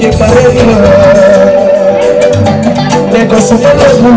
ji pare ma ne ko sama la bu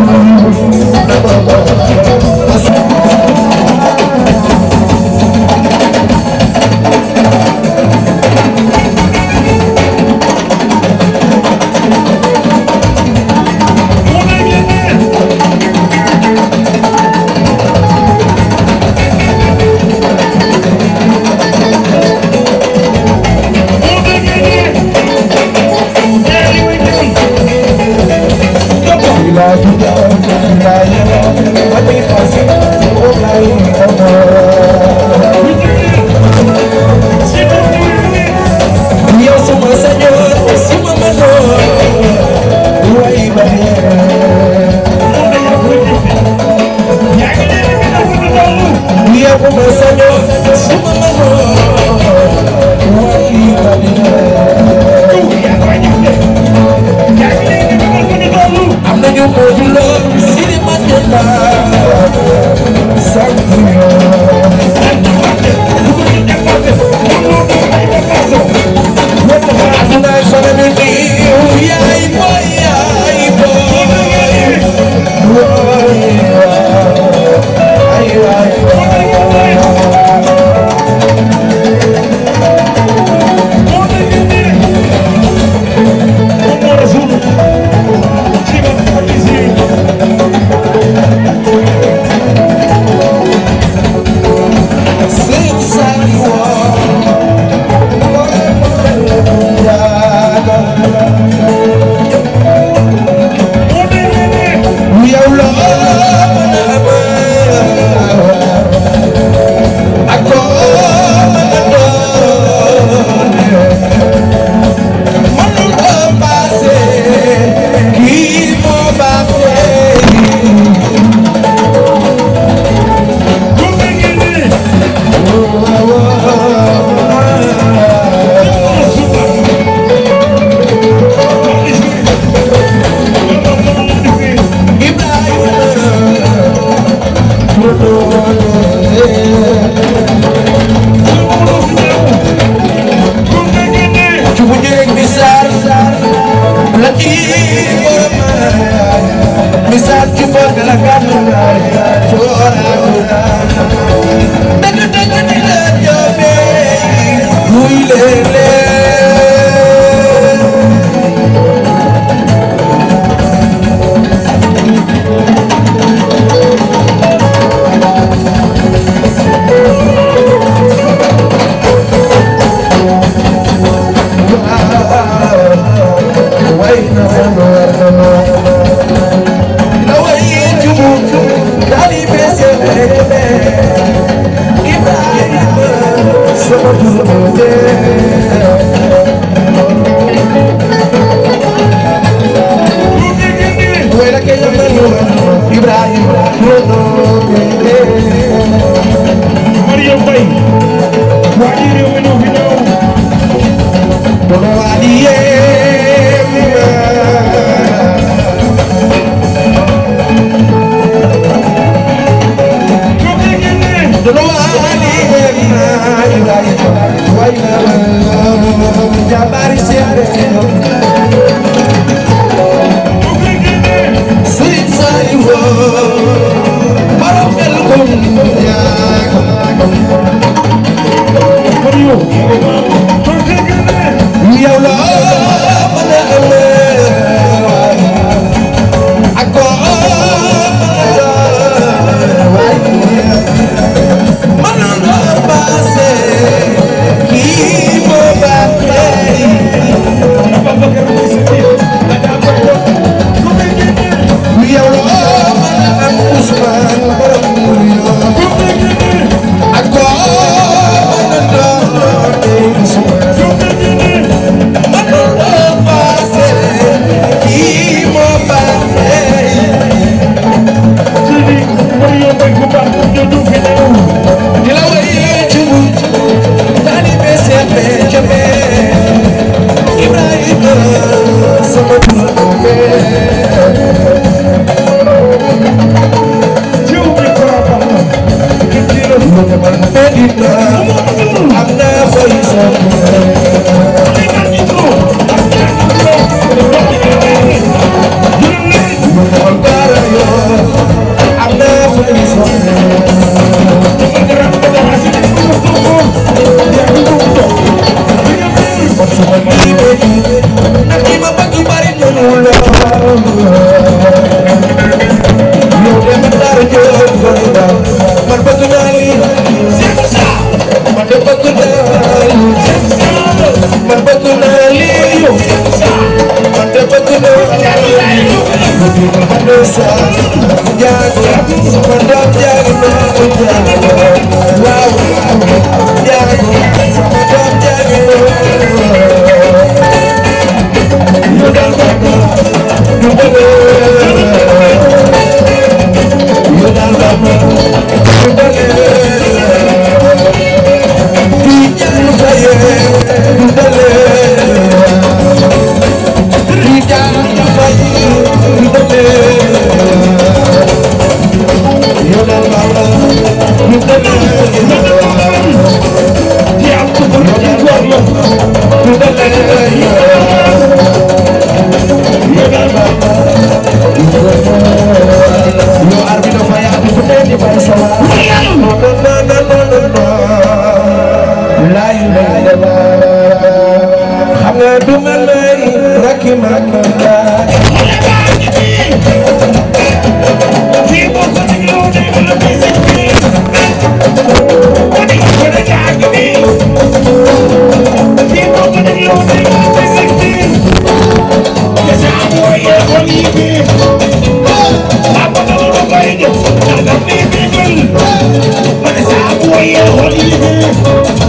Thank you.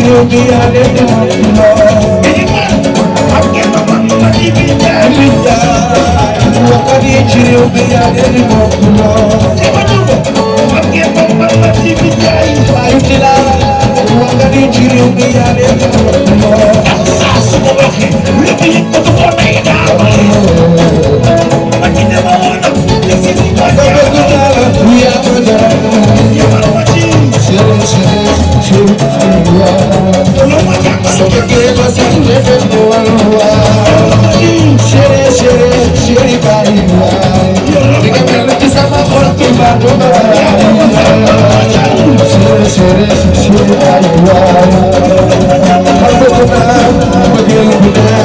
you be a little more. I'm getting my money back. What are you be a little more? I'm getting my money back. I'm still What are you be a little more? I'm sassy. Looking at the one I got. I can never want to. This is my. We are the. You are watching. Seriously. soo bëggee ba sax defet ko wàllu waay chéri chéri chéri bàyyi waay di nga mel ci sama xol bi mbaa doo ma waay chéri chéri chéri bàyyi waay xam nga ko naa bëggee lu dee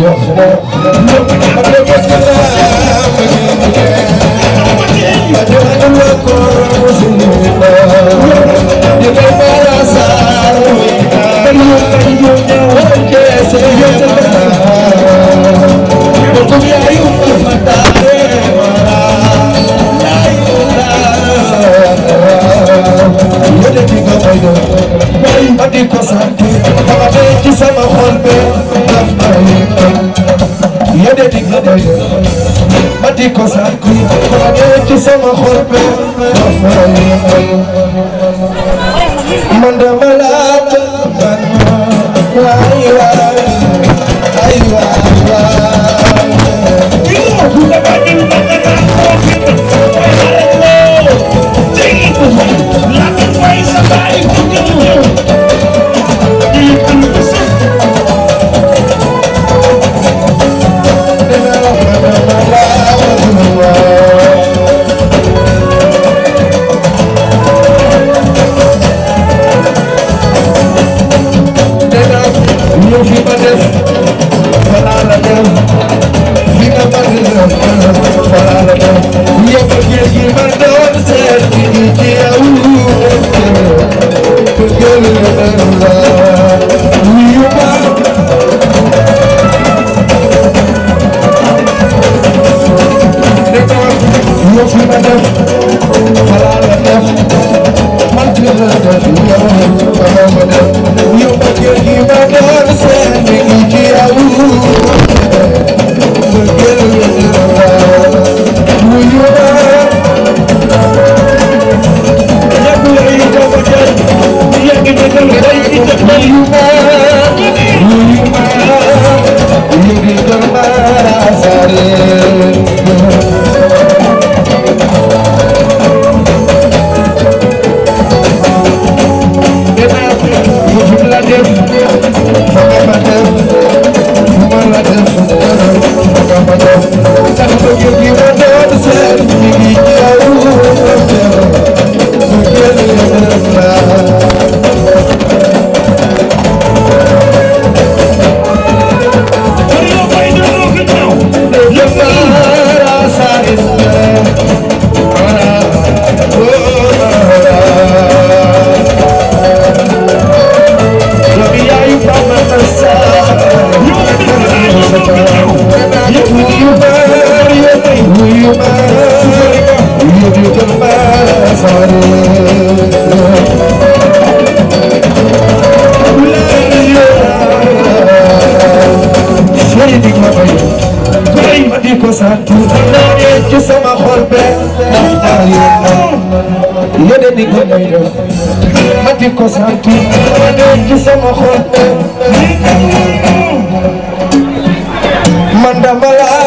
yoo xam ne وقل يا أيها المتاع di ko sant ma nekk sama xol man dama la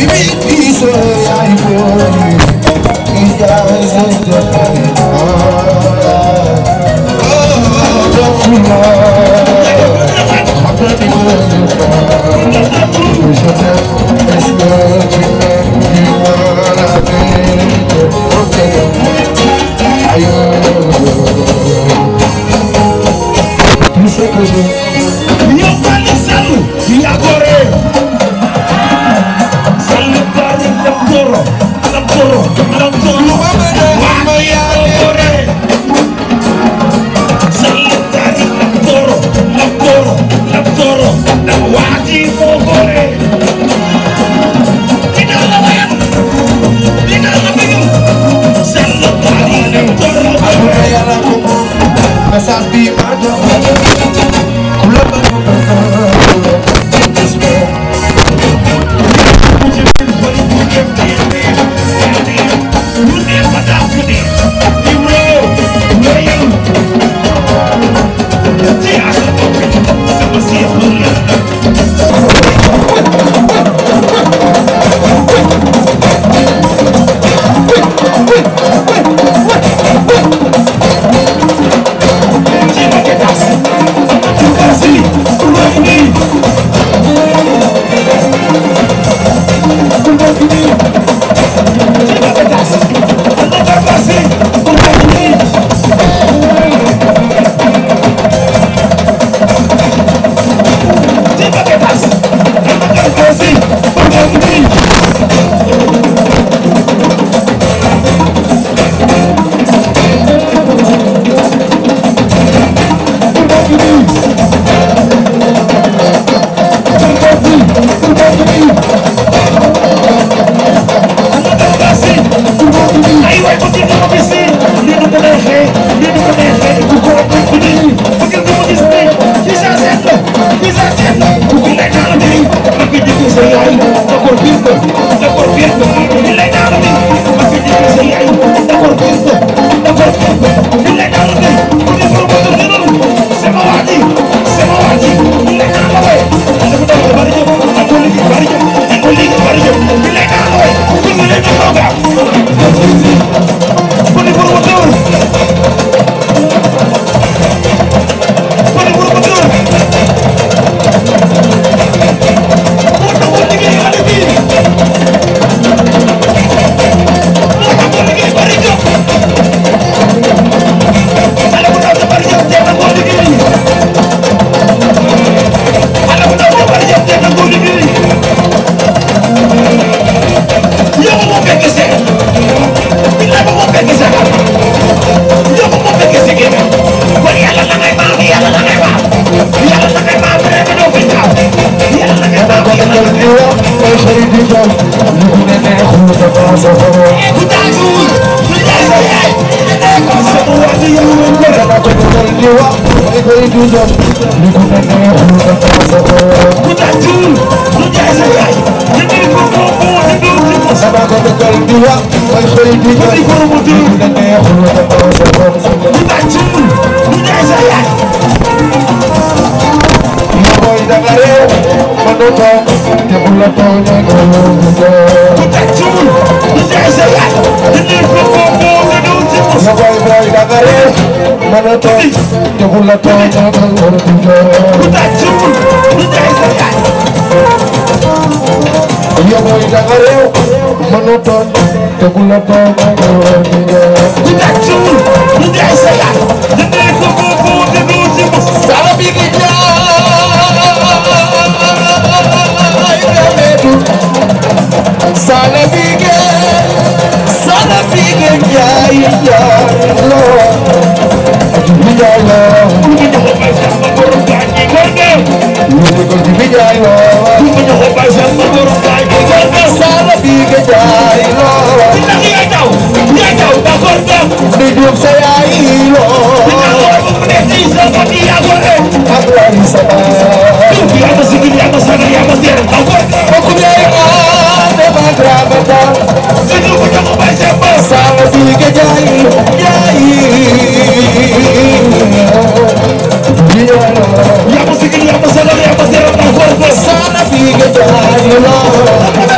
Oh, oh, oh, oh, oh, tooñ te ku la tooñ ku tàccul ñu jaay sa yaay ñu jaay ko ko ko di du ci bu sala bi di jaay gameedu sala bi ge sala bi ge jaay jaay loo di jaay loo ku di joxo bay sa ma borom gaaj gi gorge ñu di ko di jaay loo ku di joxo bay sa ma borom gaaj gi gorge sala bi ge jaay Sana fi gajah, you know.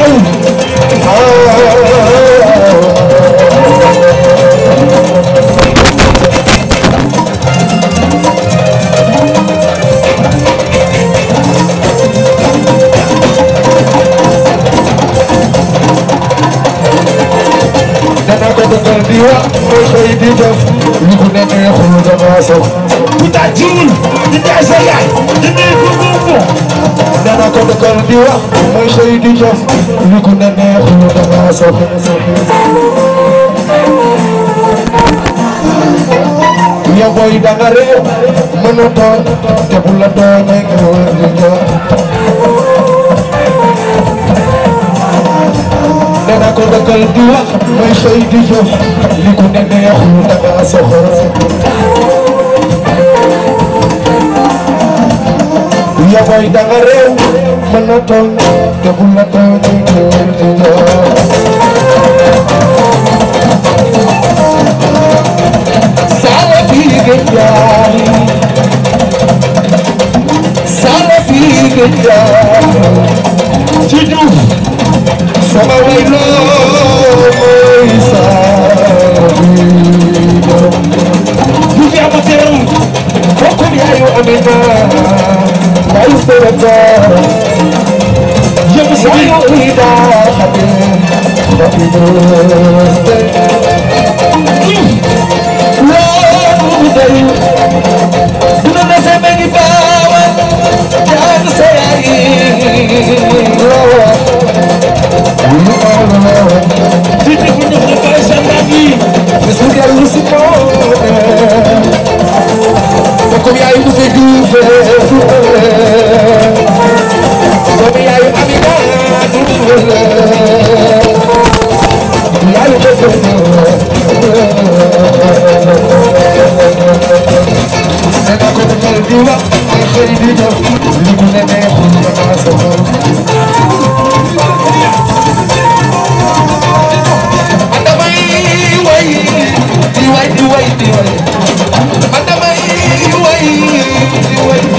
wax mooy ku ne neex ñu danga sopp yow booy danga réew mën a tooñ te bu la tooñee nga war a ñor dana ko dëkkal di wax mooy xëy di jëf li ku ne neex ñu danga ya koy danga réew mën na tooñ te bu la tooñee ñëwee di ñëw. Sala fii gëj jaay sala fii gëj jaay ci Diouf sama way loo mooy sala fii gëj jaay. وقل يا يؤمنا لا يسترجى يمسي يؤيد خطيب خطيب لا مدري من الزمن باوى كان سيئين We are the comme yaayu Moussa Diouf comme yaayu Amina yaayu Moussa Diouf nee naa ko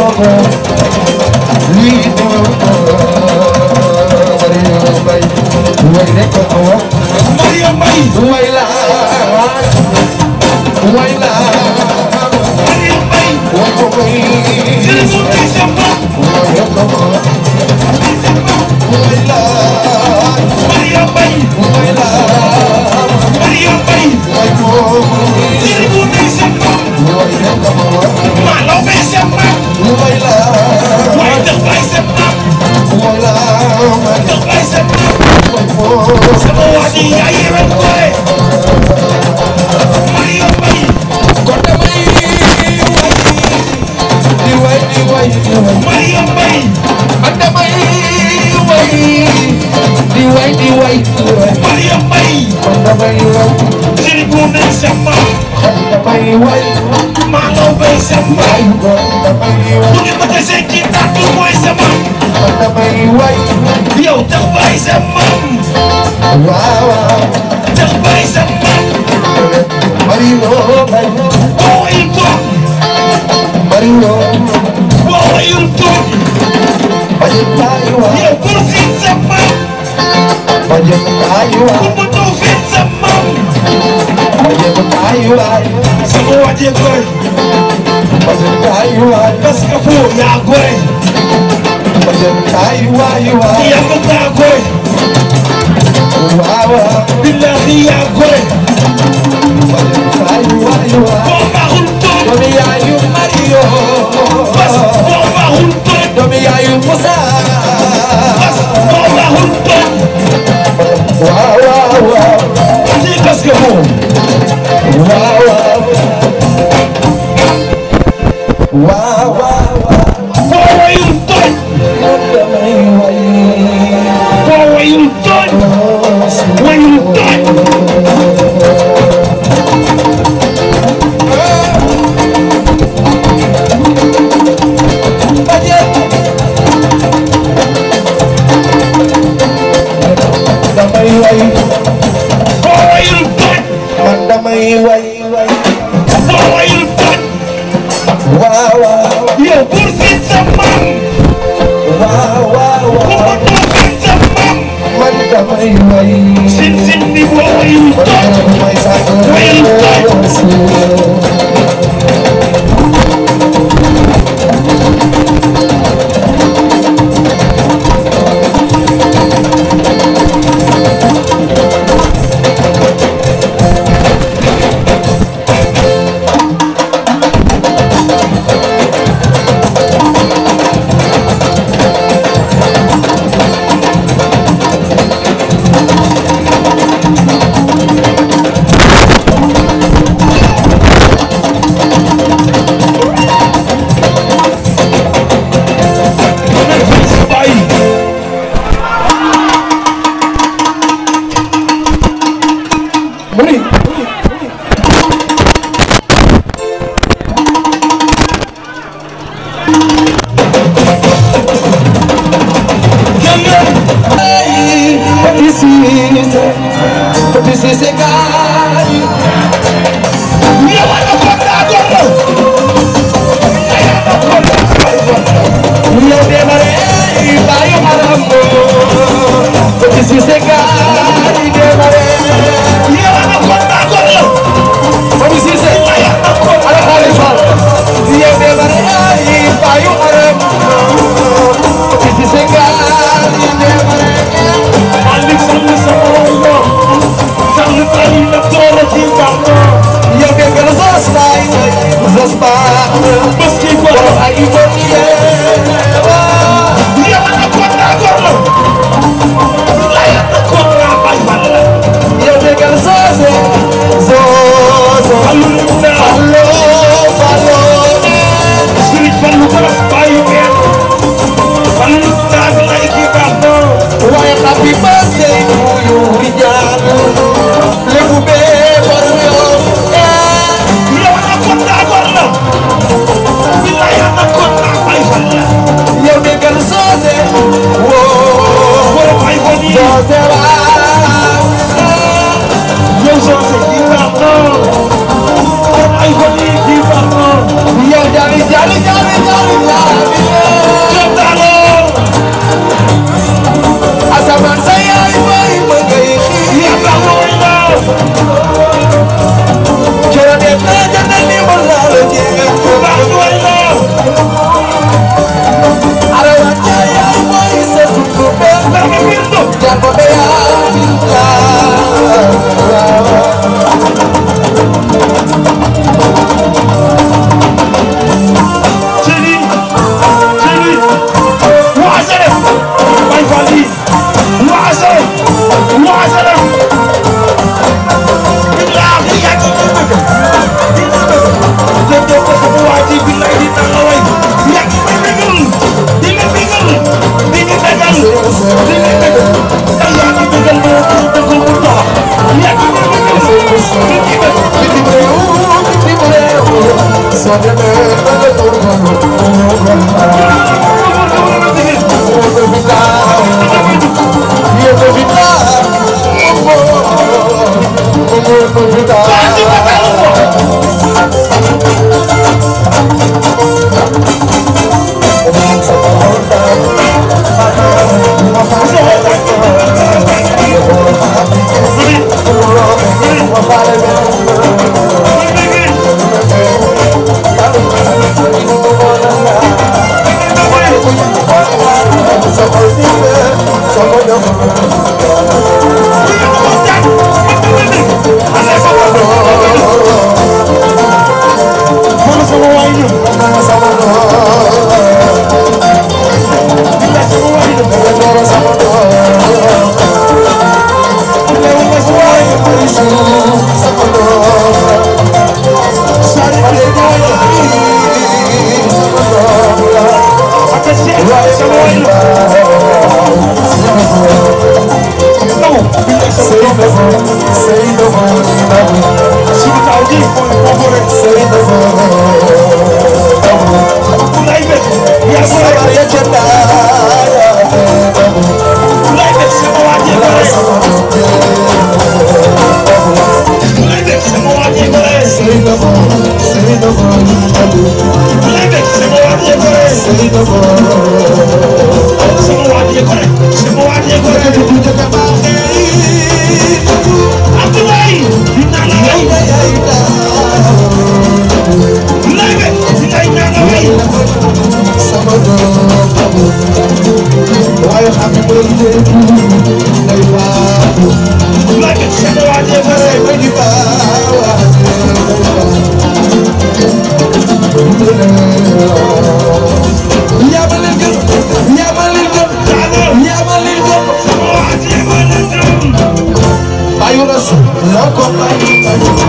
loco tayu waay sama waje goy bazen tayu waay bas ka fu na goy bazen tayu waay waay ya ko ta goy waaw billahi ya goy bazen tayu waay waay domi yayu mario bas bomba junto domi yayu musa bas bomba junto waaw jëmoo waaw waaw waaw waaw way sooyul toj waaw waaw yow buur si sa maam waaw waaw waaw ku ma doon sa maam man damay way Zaspał polski kolor i to nie teu ar. Say no more. sama waa ji ko rek sama waa ji ko rek bu ko ta baaxee Abdoulaye dina la way lebe dina la na way sama do waaye xam nga ko liggéey day baaxu lebe sama waa ji ko rek bu di baaxu moo ko